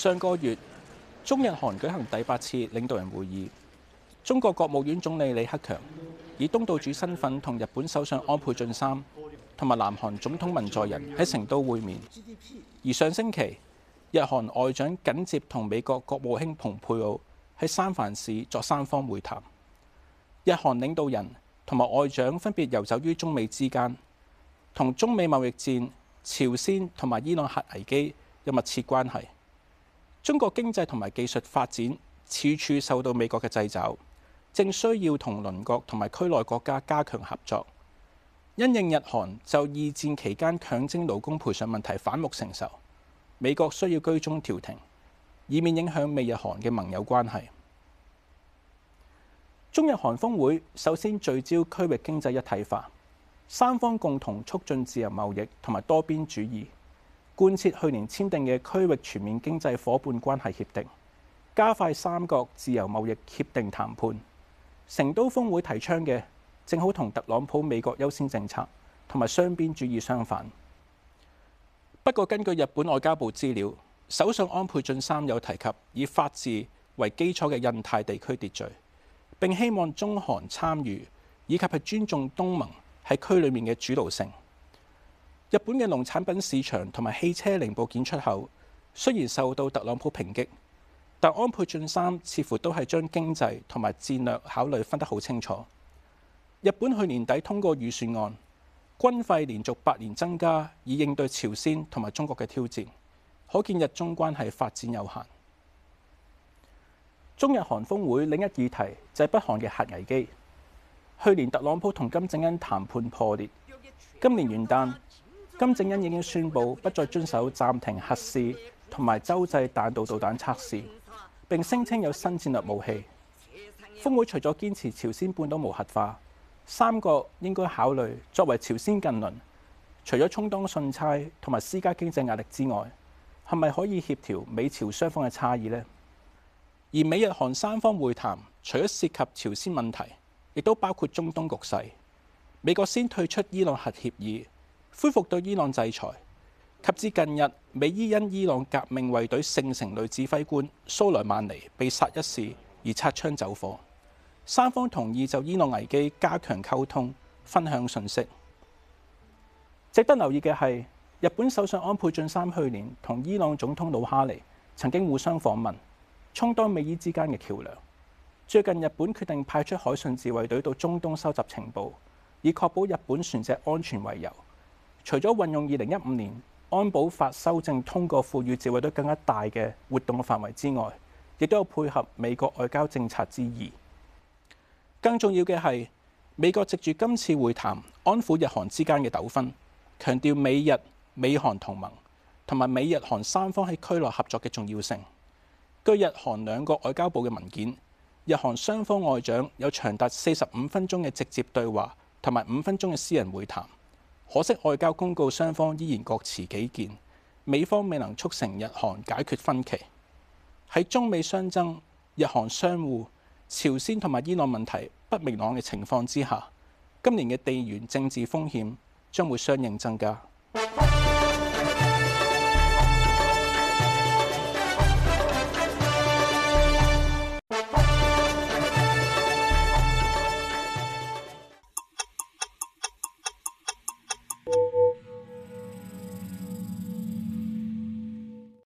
上個月，中日韓舉行第八次領導人會議。中國國務院總理李克強以東道主身份同日本首相安倍晉三同埋南韓總統文在寅喺成都會面。而上星期，日韓外長緊接同美國國務卿蓬佩奧喺三藩市作三方會談。日韓領導人同埋外長分別遊走於中美之間，同中美貿易戰、朝鮮同埋伊朗核危機有密切關係。中國經濟同埋技術發展處處受到美國嘅掣肘，正需要同鄰國同埋區內國家加強合作。因應日韓就二戰期間強徵勞工賠償問題反目成仇，美國需要居中調停，以免影響美日韓嘅盟友關係。中日韓峰會首先聚焦區域經濟一體化，三方共同促進自由貿易同埋多邊主義。貫徹去年簽訂嘅區域全面經濟伙伴關係協定，加快三國自由貿易協定談判。成都峰會提倡嘅正好同特朗普美國優先政策同埋雙邊主義相反。 不過根據日本外交部資料，首相安倍晉三有提及以法治為基礎嘅印太地區秩序，並希望中韓參與，以及係尊重東盟喺區裡面嘅主導性。日本嘅農產品市場同埋汽車零部件出口雖然受到特朗普抨擊，但安倍晉三似乎都係將經濟同埋戰略考慮分得好清楚。日本去年底通過預算案，軍費連續八年增加，以應對朝鮮同埋中國嘅挑戰，可見日中關係發展有限。中日韓峰會另一議題就係北韓嘅核危機。去年特朗普同金正恩談判破裂，今年元旦。金正恩已經宣布不再遵守暫停核試同埋洲際彈道導彈測試，並聲稱有新戰略武器。峰會除咗堅持朝鮮半島無核化，三國應該考慮作為朝鮮近鄰，除咗充當信差同埋施加經濟壓力之外，係咪可以協調美朝雙方嘅差異呢？而美日韓三方會談，除咗涉及朝鮮問題，亦都包括中東局勢。美國先退出伊朗核協議。恢復對伊朗制裁，及至近日，美伊因伊朗革命衛隊聖城隊指揮官蘇萊曼尼被殺一事而擦槍走火。三方同意就伊朗危機加強溝通，分享信息。值得留意嘅係，日本首相安倍晉三去年同伊朗總統魯哈尼曾經互相訪問，充當美伊之間嘅橋梁。最近日本決定派出海上自衛隊到中東收集情報，以確保日本船隻安全為由。除咗運用二零一五年安保法修正通過，賦予自衛隊更加大嘅活動嘅範圍之外，亦都有配合美國外交政策之意。更重要嘅係，美國藉住今次會談，安撫日韓之間嘅糾紛，強調美日美韓同盟同埋美日韓三方喺區內合作嘅重要性。據日韓兩個外交部嘅文件，日韓雙方外長有長達四十五分鐘嘅直接對話，同埋五分鐘嘅私人會談。可惜外交公告，雙方依然各持己見，美方未能促成日韓解決分歧。喺中美相爭、日韓相互、朝鮮同埋伊朗問題不明朗嘅情況之下，今年嘅地緣政治風險將會相應增加。